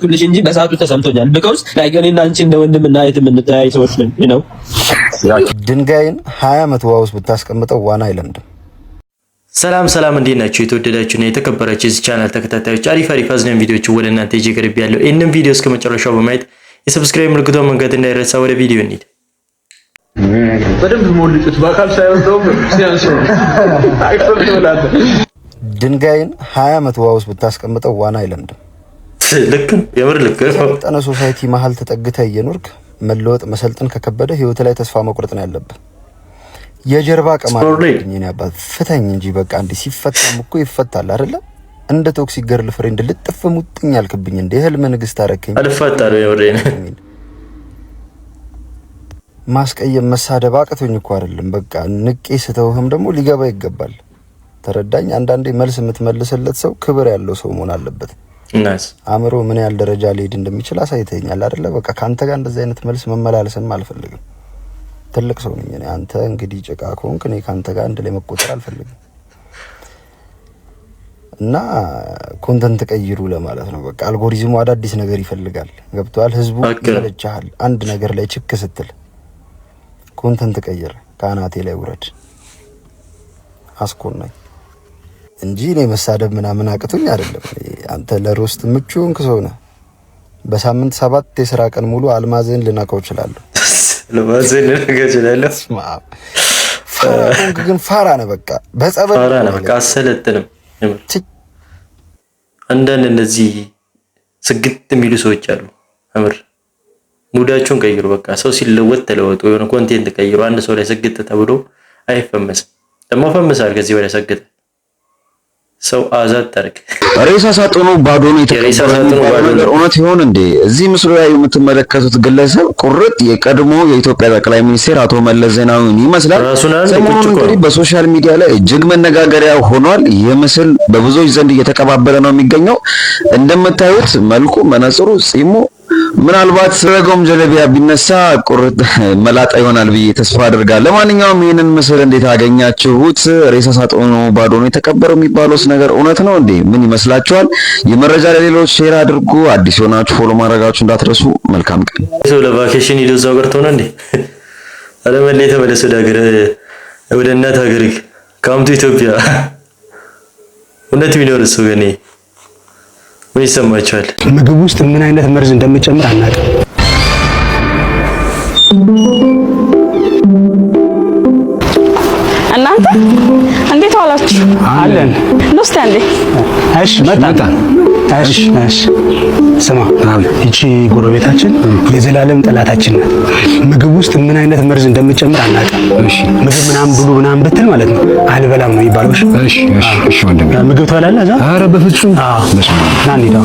ስለወደድኩልሽ እንጂ በሰዓቱ ተሰምቶኛል። ቢኮዝ ላይክ እኔና አንቺ እንደ ወንድምና እህት የምንተያይ ሰዎች ነን። ነው ድንጋይን ሀያ አመት ውሃ ውስጥ ብታስቀምጠው ዋና አይለምድም። ሰላም ሰላም፣ እንዴት ናችሁ? እና የተከበራችሁ የዚህ ቻናል ተከታታዮች አሪፍ አሪፍ አዝናኝ ቪዲዮዎችን ወደ እናንተ ይዤ ቀርብ ያለው ይህንን ቪዲዮ እስከ መጨረሻው በማየት የሰብስክራይብ ምልክቷን መንካት እንዳይረሳ። ወደ ቪዲዮ እንሂድ። በደንብ ሞልጡት፣ በአካል ሳይሆን ነው ሲያንስ ድንጋይን ሀያ አመት ውሃ ውስጥ ብታስቀምጠው ዋና አይለምድም። ልክ የምር ልክ ጠነ ሶሳይቲ መሀል ተጠግተ እየኖርክ መለወጥ መሰልጠን ከከበደ ህይወት ላይ ተስፋ መቁረጥ ነው ያለብህ። የጀርባ ቀማኝ አባት ፍተኝ እንጂ በቃ እንዲህ ሲፈታም እኮ ይፈታል አይደለ? እንደ ቶክሲክ ገርል ፍሬንድ ልጥፍ ሙጥኝ አልክብኝ። እንደ የህልም ንግስት አረከኝ። አልፈታል የምሬን። ማስቀየም መሳደብ አቅቶኝ እኮ አይደለም። በቃ ንቄ ስተውህም ደግሞ ሊገባ ይገባል። ተረዳኝ። አንዳንዴ መልስ የምትመልስለት ሰው ክብር ያለው ሰው መሆን አለበት። አእምሮ ምን ያህል ደረጃ ሊሄድ እንደሚችል አሳይተኛል አደለ? በቃ ከአንተ ጋር እንደዚህ አይነት መልስ መመላለስም አልፈልግም። ትልቅ ሰው ነኝ እኔ። አንተ እንግዲህ ጭቃ ከሆንክ እኔ ከአንተ ጋር አንድ ላይ መቆጠር አልፈልግም። እና ኮንተንት ቀይሩ ለማለት ነው። በቃ አልጎሪዝሙ አዳዲስ ነገር ይፈልጋል። ገብተዋል። ህዝቡ ይመለቻል። አንድ ነገር ላይ ችክ ስትል ኮንተንት ቀይር፣ ከአናቴ ላይ ውረድ፣ አስኮናኝ እንጂ እኔ መሳደብ ምናምን አቅቶኝ አይደለም። አንተ ለሮስት ምቹ ሆንክ ሰው ነህ። በሳምንት ሰባት የስራ ቀን ሙሉ አልማዝን ልነቀው እችላለሁ። አልማዝን ልነቀው እችላለሁ። ግን ፋራ ነህ። በቃ በጸበል ፋራ ነህ። በቃ አሰለጥንም። አንዳንድ እነዚህ ስግት የሚሉ ሰዎች አሉ። እምር ሙዳቸውን ቀይሩ። በቃ ሰው ሲለወጥ ተለወጡ። የሆነ ኮንቴንት ቀይሩ። አንድ ሰው ላይ ስግት ተብሎ አይፈመስም። ደግሞ ፈመሳል ከዚህ በላይ ሰግጥ ሰው ታርክ ሬሳ ሳጥኑ ባዶ ነው። ነገር እውነት ይሆን እንዴ? እዚህ ምስሉ ላይ የምትመለከቱት ግለሰብ ቁርጥ የቀድሞ የኢትዮጵያ ጠቅላይ ሚኒስትር አቶ መለስ ዜናዊን ይመስላል። ሰሞኑን እንግዲህ በሶሻል ሚዲያ ላይ እጅግ መነጋገሪያ ሆኗል። ይህ ምስል በብዙዎች ዘንድ እየተቀባበለ ነው የሚገኘው። እንደምታዩት መልኩ፣ መነጽሩ፣ ጺሙ ምናልባት ስረጎም ጀለቢያ ቢነሳ ቁርጥ መላጣ ይሆናል ብዬ ተስፋ አድርጋለሁ። ለማንኛውም ይህንን ምስል እንዴት አገኛችሁት? ሬሳ ሳጥኑ ባዶ ነው የተቀበረው የሚባለውስ ነገር እውነት ነው እንዴ? ምን ይመስላችኋል? የመረጃ ለሌሎች ሼር አድርጉ። አዲስ የሆናችሁ ፎሎ ማድረጋችሁ እንዳትረሱ። መልካም ቀን። ለቫኬሽን ሄዶ እዛው ቀርቶ ነው እንዴ? አለመላ የተመለሰ ወደ ሀገር ወደ እናት ሀገር ካምቱ ኢትዮጵያ እውነት የሚኖር እሱ ገኔ ወይ ይሰማቸዋል። ምግብ ውስጥ ምን አይነት መርዝ እንደምጨምር አናውቅም። እናንተ እንዴት ዋላችሁ? አለን። ሎስቲ አንዴ። እሺ መጣ እሺ እሺ፣ ስማ እቺ ጎረቤታችን የዘላለም ጠላታችን ናት። ምግብ ውስጥ ምን አይነት መርዝ እንደምጨምር አናውቅም። እሺ፣ ምግብ ምናምን ብሉ ምናምን ብትል ማለት ነው አልበላም ነው የሚባለው። እሺ እሺ እሺ፣ ወንድሜ ምግብ ትበላለህ እዛ? ኧረ በፍጹም። ና እንሂድ።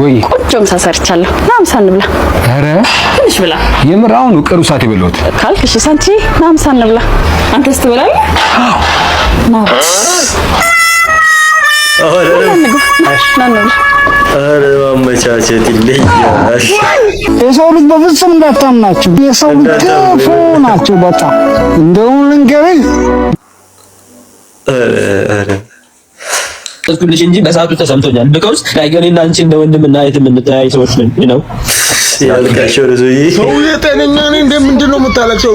ወይ ቆንጆ ምሳ ሰርቻለሁ። ና ምሳ እንብላ። ኧረ ትንሽ ብላ። የምር አሁን ቀኑ ሰዓት የበላሁት ካልክ፣ እሺ ሳንቺ ና ምሳ እንብላ። አንተስ ትበላለህ? አዎ ማመቻቸት ይለያል። የሰው ልጅ በፍጹም እንዳታምናቸው። የሰው ልጅ ክፉ ናቸው በጣም እንደውም ልንገርህ ስለተጫወትኩልሽ እንጂ በሰዓቱ ተሰምቶኛል። ቢኮዝ ላይክ እኔና አንቺ እንደ እና እህት የምንተያይ ሰዎች ነን ዩ ነው ያልካቸው ረዙይ ሰው የጤነኛ ነኝ። እንደምንድን ነው የምታለቅሰው?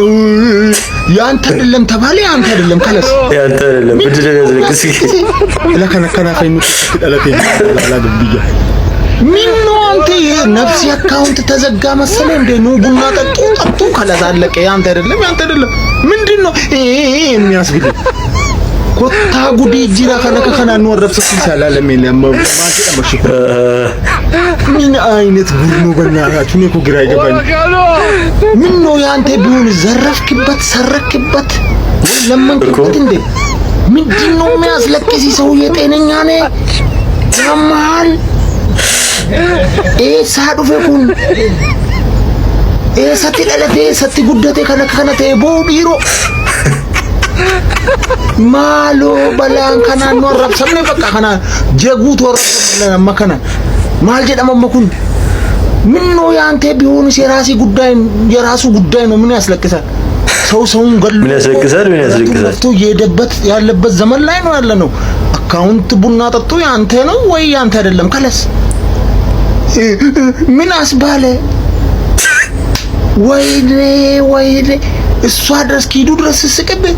ያንተ አይደለም ተባለ ያንተ አይደለም ካለስ ያንተ አይደለም ብድር ያዝልክ እስኪ ለከነከናፈኝ ምትጠለፈኝ አላገብያ ምን ነው አንተ ነፍስ አካውንት ተዘጋ መሰለ እንደ ኑ ቡና ጠጡ ጠጡ ከለስ አለቀ። ያንተ አይደለም ያንተ አይደለም ምንድን ነው ይሄ የሚያስብል ኮታ gudii jira kana ka kanaan nu arrabsasii saalaa lameen amma maati ምን አይነት ጉድ ነው በእናታችሁ! እኔ እኮ ግራ ይገባኝ። ምን ነው ያንተ ቢሆን ዘረፍክበት፣ ሰረክበት፣ ለመንክበት እንዴ? ምንድን ነው የሚያስለቅስ? ሰውዬ ጤነኛ ነህ? ያመሃል? ኤሳ ዱፌ ኩን ኤሰቲ ደለቴ ሰቲ ጉደቴ ከነ ከነ ቦ ቢሮ maaloo balaan kanaan nu arrabsamne bakka kanaan jeeguutu arrabsamne amma kana maal jedhama amma kun ምነው ቢሆንስ የራሴ ጉዳይ የራሱ ጉዳይ ነው። ምን ያስለቅሳል? ሰው ሰውን ገሉ ምን ያስለቅሳል? ምን ያስለቅሳል? የሄደበት ያለበት ዘመን ላይ ነው ያለ ነው። አካውንት ቡና ጠጡ ያንተ ነው ወይ ያንተ አይደለም? ከለስ ምን አስባለ? ወይኔ ወይኔ እሷ ድረስ ኪዱ ድረስ ስቅብህ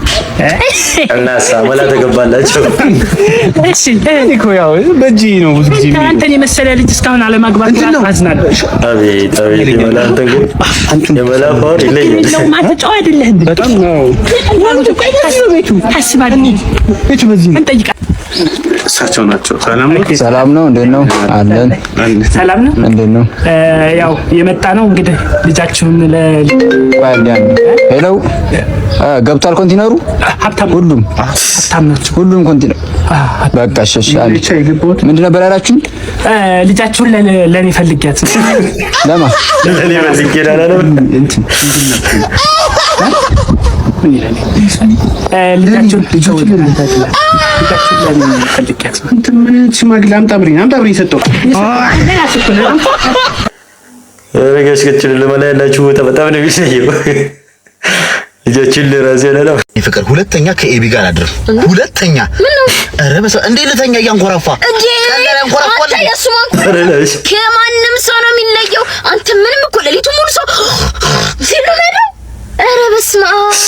እናሳ ወላ ተገባላችሁ። እሺ እኮ ያው በእጅ ነው ብዙ ጊዜ አንተን የመሰለ ልጅ እስካሁን አለማግባት አዝናለሁ። ወላ አይደለህ እንዴ? በጣም ነው ቤቱ ቤቱ በዚህ እሳቸው ናቸው። ሰላም ነው፣ ሰላም ነው። እንዴት ነው? አለን። ሰላም ነው። እንዴት ነው? ያው የመጣ ነው እንግዲህ ልጃችሁን ለሊያን ሄሎ፣ ገብቷል ኮንቲነሩ። ሀብታም ሁሉም ሀብታም ናቸው። ሁሉም ኮንቲነር በቃ ሸሽ። ምንድን ነበር ያላችሁኝ? ልጃችሁን ለእኔ ፈልጊያት። ለማ ለእኔ ፈልጌ ላላለም እንትን ልጃችሁን ልጃችን ለራሴ ያለው ፍቅር ሁለተኛ ከኤቢ ጋር አድር ሁለተኛ ኧረ በሰው እንዴ ለተኛ እያንኮራፋ ከማንም ሰው ነው የሚለየው። አንተ ምንም እኮ ሌሊቱን ሙሉ ሰው ኧረ በስመ አብ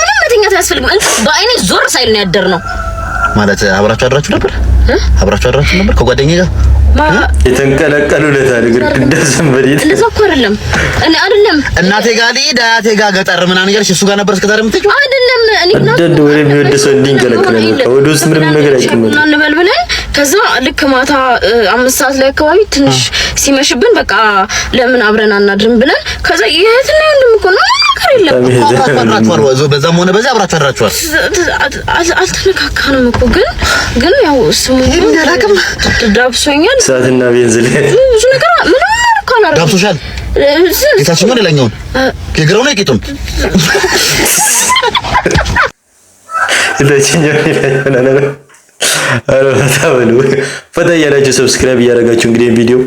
ምንም መተኛት አያስፈልግም። በአይኔ ዞር ሳይል ነው ያደር ነው ማለት አብራችሁ አድራችሁ ነበር? አብራችሁ አድራችሁ ነበር ከጓደኛ ጋር የተንቀለቀሉ ለታል ግድግዳ ዘንበል እንደዛ እኮ አይደለም። እኔ አይደለም እናቴ ጋር ልሂድ አያቴ ጋር ገጠር ምናምን እያልሽ እሱ ጋር ነበር እስከዛሬ ዛሬ የምትሄጂው አይደለም። እኔ እናቴ ወደ የሚወደሰው እንዲንቀለቀለ ወደ ውስጥ ምንም ነገር አይቀመጥም። ከዛ ልክ ማታ አምስት ሰዓት ላይ አካባቢ ትንሽ ሲመሽብን በቃ ለምን አብረን አናድርም ብለን ከዛ የት ነው እኮ ነው ነገር ታበሉ ፈታ እያላችሁ ሰብስክራይብ እያደረጋችሁ እንግዲህ ቪዲዮ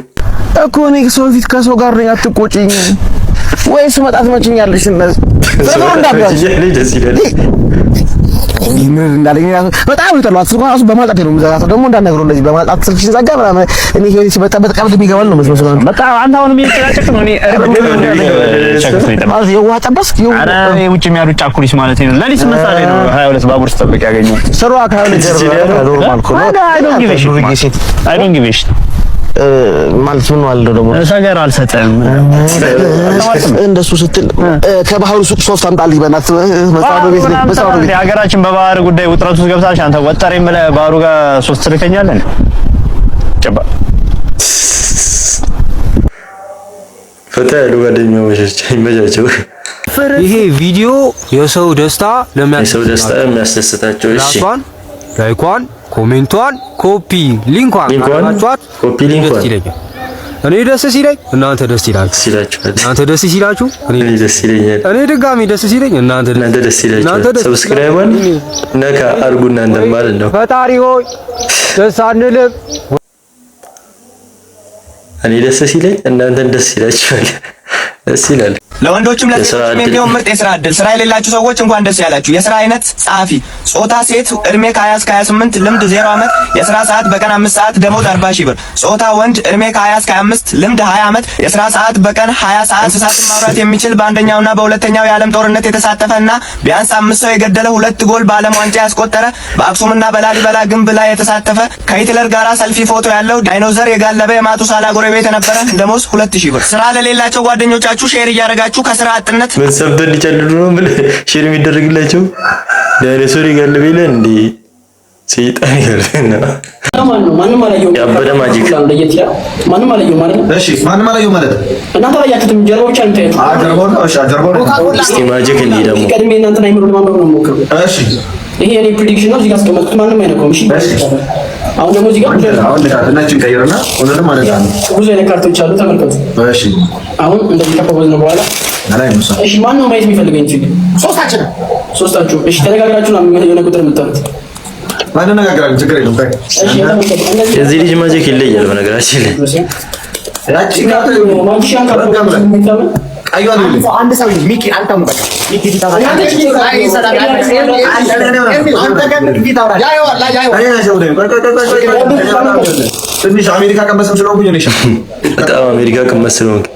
እኮ እኔ ሰው ፊት ከሰው ጋር ነኝ። አትቆጭኝ። ወይ ስመጣ ትመችኛለሽ። እነዚህ ፍርፍሩ እንዳትበላሽ በጣም ይጠሏት። ስልኳን እራሱ በማጣት ነው የምዘጋት። ደግሞ እንዳትነግረው እንደዚህ በማጣት ስልክሽ ዘጋ ምናምን። እኔ ህይወቴ ሲበጠበጥ ቀብድ የሚገባል ነው መስሎ ነው። በጣም አንተ አሁን የሚጨቃጨቅ ነው። እኔ ውጭ የሚያሉ ጫኩሪስ ማለት ነው። ለሊት ስምንት ነው ሀያ ሁለት ባቡር ስጠብቅ ያገኘሁት ስሯ ከሀያ ሁለት ጀርባ ኖርማል እኮ ነው። አይ ዶንት ጊቭ ኤ ሺት ማለት ምን አለው ደግሞ ሰገር አልሰጠም። እንደሱ ስትል ከባህሩ ሱቅ ሶፍት አምጣልኝ በእናትህ። መጻፍ ቤት ነው መጻፍ ቤት ሀገራችን በባህር ጉዳይ ውጥረት ውስጥ ገብታለች። አንተ ወጠሬም ብለህ ባህሩ ጋር ሶፍት ትልከኛለህ። ፈታ ያሉ ጓደኛሞች ይመቻቸው። ይሄ ቪዲዮ የሰው ደስታ ለሚያስደስታቸው እሺ ላይኳን ኮሜንቷን ኮፒ ሊንኳን አድርጋችኋት ደስ ይለኛል። እኔ ደስ ሲለኝ እናንተ ደስ ይላችሁ፣ እናንተ ደስ ሲላችሁ እኔ ደስ ይለኛል። እኔ ድጋሚ ደስ ሲለኝ እናንተ ደስ ይላችሁ። ሰብስክራይበን ነካ አድርጉና እንደ ማለት ነው። ፈጣሪ ሆይ ደስ አንልም። እኔ ደስ ሲለኝ እናንተን ደስ ይላችኋል። ደስ ይላል። ለወንዶችም ለሴቶችም የሚሆን ምርጥ የስራ እድል። ስራ የሌላችሁ ሰዎች እንኳን ደስ ያላችሁ። የስራ አይነት ጸሐፊ፣ ጾታ ሴት፣ እድሜ ከ20 እስከ 28፣ ልምድ 0 አመት፣ የስራ ሰዓት በቀን 5 ሰዓት፣ ደሞዝ 40 ሺህ ብር። ጾታ ወንድ፣ እድሜ ከ20 እስከ 25፣ ልምድ 20 አመት፣ የስራ ሰዓት በቀን 20 ሰዓት። እንስሳትን ማውራት የሚችል በአንደኛውና በሁለተኛው የዓለም ጦርነት የተሳተፈና ቢያንስ አምስት ሰው የገደለ ሁለት ጎል በዓለም ዋንጫ ያስቆጠረ በአክሱምና በላሊበላ ግንብ ላይ የተሳተፈ ከሂትለር ጋራ ሰልፊ ፎቶ ያለው ዳይኖዘር የጋለበ የማቱሳላ ጎረቤት የነበረ ደሞዝ 2000 ብር። ስራ ለሌላቸው ጓደኞች ለጓደኞቻችሁ ሼር እያደረጋችሁ ከስራ አጥነት ምን ሰምተው እንዲጨልዱ ነው ብለህ ሼር የሚደረግላቸው ዳይኖሶር ይገልብ ይለን እንዲ ሰይጣን ይገልብና ያበደ ማጂክ ማንም ነው ነው። ነው። ማጂክ ደግሞ እናንተን ይሄ ፕሪዲክሽን ነው። እዚህ ጋር አስቀመጥኩት። ማንም አይነካውም። እሺ አሁን ደግሞ እዚህ ጋር አሁን እናችን ቀይርና ወዘተ ማለት ነው። ብዙ አይነት ካርቶች አሉ ተመልከቱ። እሺ አሁን እንደዚህ ከፈወዝን በኋላ አላይ ሙሳ እሺ፣ ማን ነው ማየት የሚፈልገኝ? እዚህ ሶስታችን ሶስታችሁ እሺ፣ ተነጋግራችሁ ነው የሆነ ቁጥር የምታሉት። አንነጋግራለን፣ ችግር የለም። እዚህ ልጅ ማጂክ ይለያል በነገራችን ላይ ያቺ አንድ ሰው ሚኪ አንተ ሙቀት ሚኪ ትንሽ አሜሪካ ቀመስ ስለሆንኩኝ አሜሪካ ቀመስ ስለሆንኩኝ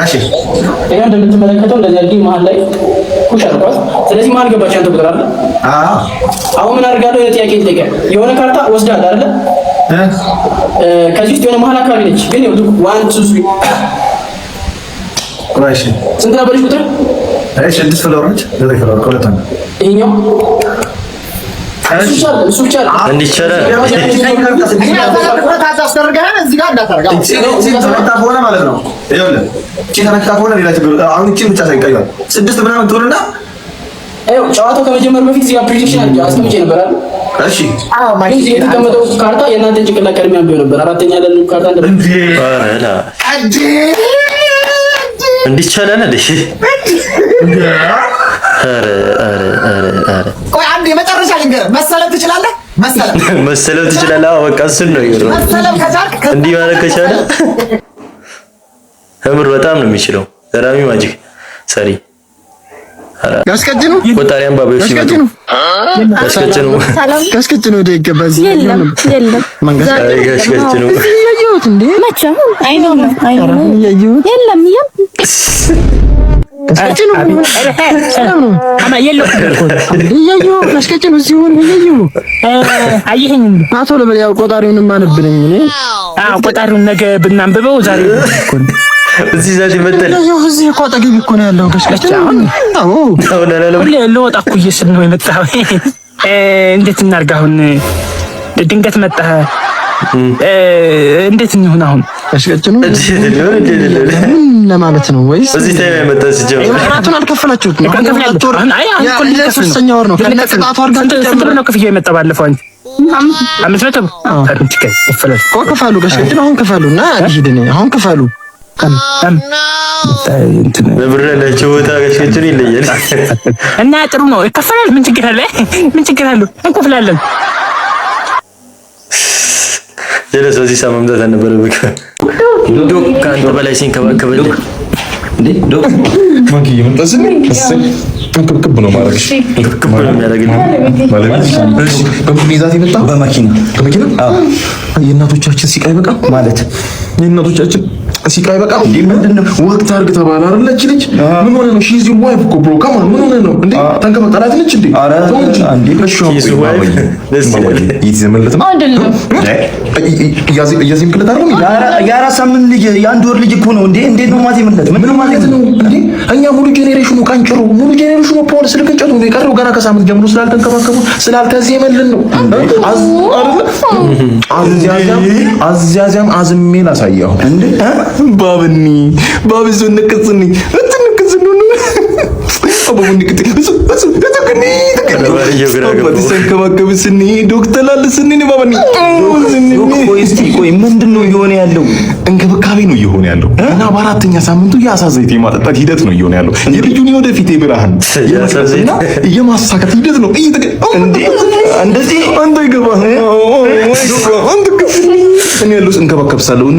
እሺ ይሄው እንደምትመለከተው እንደዚህ አድርጌ መሀል ላይ ኩሽ አድርጓል። ስለዚህ መሀል ገባች። አንተ ቁጥር አለ። አሁን ምን አድርጋለሁ? የሆነ ጥያቄ የሆነ ካርታ ወስዳለህ አይደለ? ከዚህ ውስጥ የሆነ መሀል አካባቢ ነች። ግን ይኸው ዋን ቱ ስሪ ስንት ነበረች ቁጥር? ስድስት ፍለወሮች ዘጠኝ ፍለወር ሁለት ነው ይሄኛው ስድስት ምናምን ትሆንና ጨዋታው ከመጀመር በፊት እዚህ ፕሪዲክሽን አስቀምጬ ነበር እሺ። የተቀመጠው ካርታ የእናንተን ጭንቅላት ቀድሜ አንብቤው ነበር። አራተኛ ላይ ካርታ እንዲህ አንድ የመጨረሻ ልንገርህ፣ መሰለብ ትችላለህ። መሰለብ ትችላለህ። በቃ እሱን ነው ይሩ መሰለብ ከቻልክ እንዲህ ማለት ከቻለ እምር በጣም ነው የሚችለው። ራሚ ማጂክ ሰሪ ያስቀጭኑ ቆጣሪያን አየሁት እንዴ? መቼም አይኖርም አይኖርም። ያየሁት የለም የለም ቆጣሪውን ነገ ብናንብበው ዛሬ እዚህ ዛሬ መጣል ነው። እዚህ እኮ አጠገቤ እኮ ነው ያለው። ቀሽቀሽ አሁን አዎ፣ ሁሌ ልወጣ እኮ እየስል ነው የመጣው። እንዴት እናድርግ አሁን ድንገት መጣህ እንዴት እንሁን አሁን? አሽቀጭኑ ለማለት ነው ወይስ እዚህ ታይም ያመጣስ ጀምሮ ወራቱን አልከፈላችሁትም? ነው ክፍያ የመጣ ባለፈው አንቺ አምስት መቶ ከፈሉ በሽቅጭን አሁን ክፈሉ እና አሁን ክፈሉ በብር ያላቸው ቦታ ጋሽቅጭን ይለያል እና ጥሩ ነው ይከፈላል። ምን ችግር አለ? ምን ችግር አለ? እንከፍላለን ጀለስ በዚህ ሰዓት መምጣት አልነበረብህ። ዶክ ከአንተ በላይ ሲንከባከበል ነው ነው በመኪና በመኪና የእናቶቻችን ሲቃይ በቃ ማለት የእናቶቻችን ሲቃይ በቃ እንዴ ምንድን ነው ወቅት አድርግ ተባለ አይደል? እቺ ልጅ ምን ሆነ ነው? ሺዝ ዩ ዋይፍ እኮ ብሮ ምን ሆነ ነው እንዴ? ተንከባ ነች እንዴ? አረ ዋይፍ ነው ያዚ የአራት ሳምንት ልጅ የአንድ ወር ልጅ እኮ ነው እንዴ? እንዴት ነው ማለት ምለት? ምን ማለት ነው እንዴ? እኛ ሙሉ ጄኔሬሽኑ ቀንጭሩ፣ ሙሉ ጄኔሬሽኑ ፖል ስልክ እንጨቱ ነው የቀረው ገና ከሳምንት ጀምሮ ስላልተንከባከቡ ስላልተዜመልን ነው አዝ አዝ አዝሜ ላሳ ላሳየው እንዴ ባብኒ ባብዞ ንቅጽኒ እንትን ሲንከባከብ ስኒ ዶክተር ስኒ ባባኒ ቆይ ምንድን ነው እየሆነ ያለው? እንክብካቤ ነው እየሆነ ያለው እና በአራተኛ ሳምንቱ የአሳ ዘይት የማጠጣት ሂደት ነው እየሆነ ያለው። የልጁን የወደፊት የብርሃን የማሳካት ሂደት ነው። እንደዚህ አንተ ይገባ እኔ ያለው እንከባከብ ሳለሁ እኔ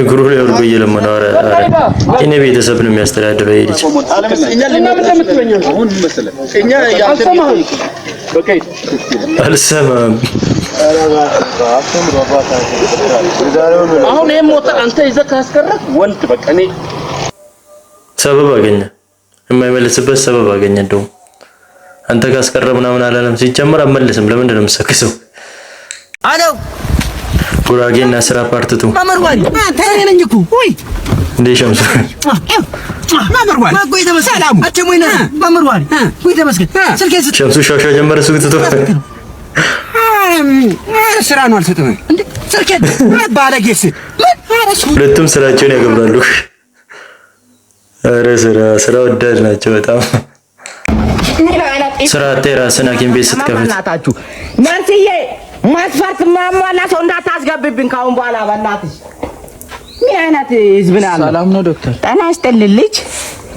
እግሩ ላይ ወድቆ ኧረ ቤተሰብ ነው የሚያስተዳድረው ይሄ አልሰማም። አሁን ወጣ አንተ ይዘህ ወንድ በቃ እኔ ሰበብ አገኘ፣ የማይመለስበት ሰበብ አገኘ እንደውም አንተ ጋር አስቀረ ምናምን አላለም። ሲጀምር አመልስም። ለምንድን ነው የምትሰክሰው? አለው ጉራጌና ስራ ፓርትቱ ማመርዋል ተረነኝ ወይ እንዴ ሸምሱ ማመርዋል ነው ማመርዋል ተመስገን ሸምሱ ሻሻ ጀመረ። ሱቅ ትቶ ስራ ነው አልሰጠም እንዴ ባለጌስ ሁለቱም ስራቸውን ያገብራሉ። ኧረ ስራ ስራ ወዳድ ናቸው በጣም ስራ ራስን ሐኪም ቤት ስትከፍት መርስዬ መስፈርት ማሟላ ሰው እንዳታስገብብን ካሁን በኋላ በእናትሽ። ምን አይነት ህዝብ ነው? ሰላም ነው ዶክተር። ጤና ይስጥልኝ ልጅ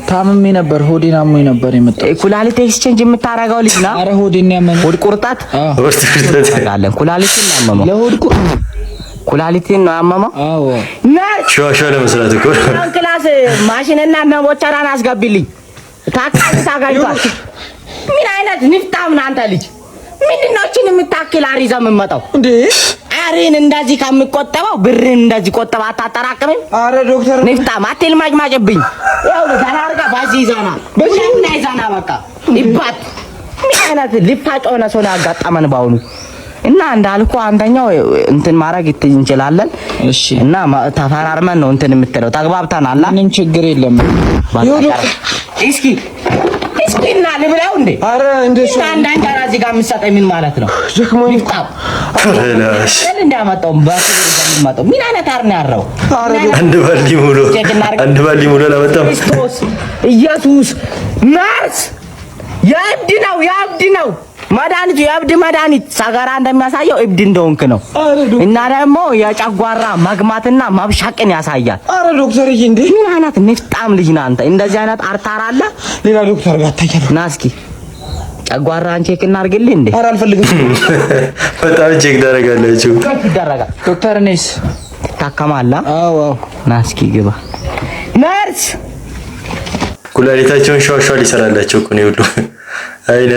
ታምሜ ነበር። ሆዴን አሞኝ ነበር የመጣው። ኩላሊት ኤክስቼንጅ የምታረገው ልጅ ነው። ኧረ ሆዴን ያመመኝ ሆድ ቁርጠት አለን። ኩላሊትን ያመመው ለሆድ ቁርጠት ኩላሊትን ነው ያመመው። አዎ ሸዋሸዋ ለመስራት እኮ ክላስ ማሽንና ሞቸራን አስገቢልኝ ታካሚ ታጋይቷል ምን አይነት ንፍጣም ነህ አንተ ልጅ? ምንድናችን የምታክል አሪዛ የምመጣው እንዴ? አሬን እንደዚህ ከምቆጠበው ብርን እንደዚህ ቆጠባ አታጠራቅምም? አረ ዶክተር ንፍጣም አቴል ማጭማጭብኝ ያው ዛራርጋ ባዚ ይዛና በሽምና ይዛና በቃ ይባት ምን አይነት ልፋጭ ሆነ ሰው ያጋጠመን በአሁኑ እና እንዳልኩ አንደኛው እንትን ማድረግ እንችላለን። እሺ እና ተፈራርመን ነው እንትን የምትለው ተግባብተናል። ምንም ችግር የለም። እስኪ ልብላው እንዴ? አረ እንደሱ አንድ አንጀራ እዚህ ጋር የምትሰጠኝ ምን ማለት ነው? ደክሞኝ እኮ እንዳመጣው በክብር ምን አይነት አር ነው ያረው? አንድ ባልዲ ሙሉ አንድ ባልዲ ሙሉ አላመጣም። ኢየሱስ ናርስ የእብድ ነው የእብድ ነው መድኃኒቱ የእብድ መድኃኒት ሰገራ እንደሚያሳየው እብድ እንደሆንክ ነው እና ደግሞ የጨጓራ መግማትና ማብሻቅን ያሳያል። አረ ዶክተር ይሄ እንዴ ምን አይነት ንፍጣም ልጅ ነህ አንተ! እንደዚህ አይነት አርታራ አለ። ሌላ ዶክተር ጋር ታየለ ና እስኪ ጨጓራ አንቼክ እናድርግልህ እንዴ። አረ አልፈልግም። በጣም ቼክ ታደርጋላችሁ። ይደረጋል ዶክተር ነይስ ታከማላ። አዎ አዎ ና እስኪ ግባ ነርስ ኩላሊታቸውን ሻዋሻ ሊሰራላቸው እኮ ነው ሁሉ